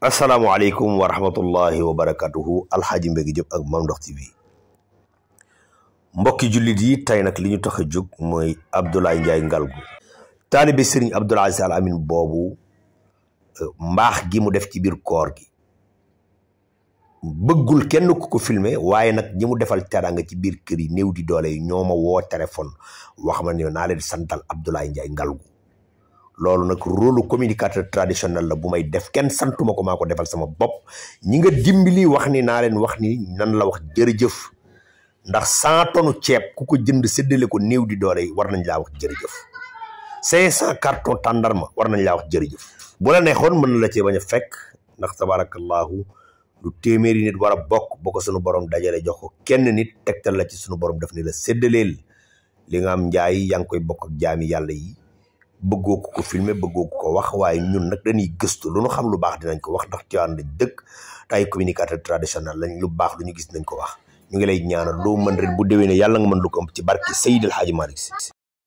asalaamualeykum wa rahmatullahi wa barakatuhu alxaaji mbégi jëpp ak Mame Ndokh bi mbokki jullit yi tey nag li ñu tax a jóg mooy Abdoulaye Ndiaye Ngalgou taalibe sëriñ Abdoul Aziz Al Amine boobu euh, mbaax gi mu def ci biir koor gi bëggul kenn ku ko filmer waaye nag ñi mu defal teranga ci biir kër yi néew di doole yi ñoo ma woo téléphone wax ma ne naa leen santal Abdoulaye Ndiaye Ngalgou loolu nag rôle communicateur traditionnel la bu may def kenn santuma ko maa ko defal sama bopp ñi nga dimbali wax ni naa leen wax ni nan la wax jërëjëf ndax cent tonnes ceeb ku ko jënd séddale ko néew di doole yi war nañ laa wax jërëjëf cinq cent carton tàndarma war nañ laa wax jërëjëf bu la neexoon mën na la cee bañ a fekk ndax tabarakallahu lu téeméeri nit war a bokk ba ko sunu borom dajale jox ko kenn nit tegtal la ci sunu borom daf ni la séddaleel li nga am njaay yaa ngi koy bokk ak jaami yàlla yi bëggoo ko ko filmer bëggoo ko ko wax waaye ñun nag dañuy gëstu lu ñu xam lu baax dinañ ko wax ndax Tiwaawan lañ dëkk tay ay communicateur traditionnel lu baax lu ñu gis dinañ ko wax ñu ngi lay ñaanal loo mën ren bu déwénee yàlla nga mën lu ko ëmb ci barke Seydil Hadji Malick Sy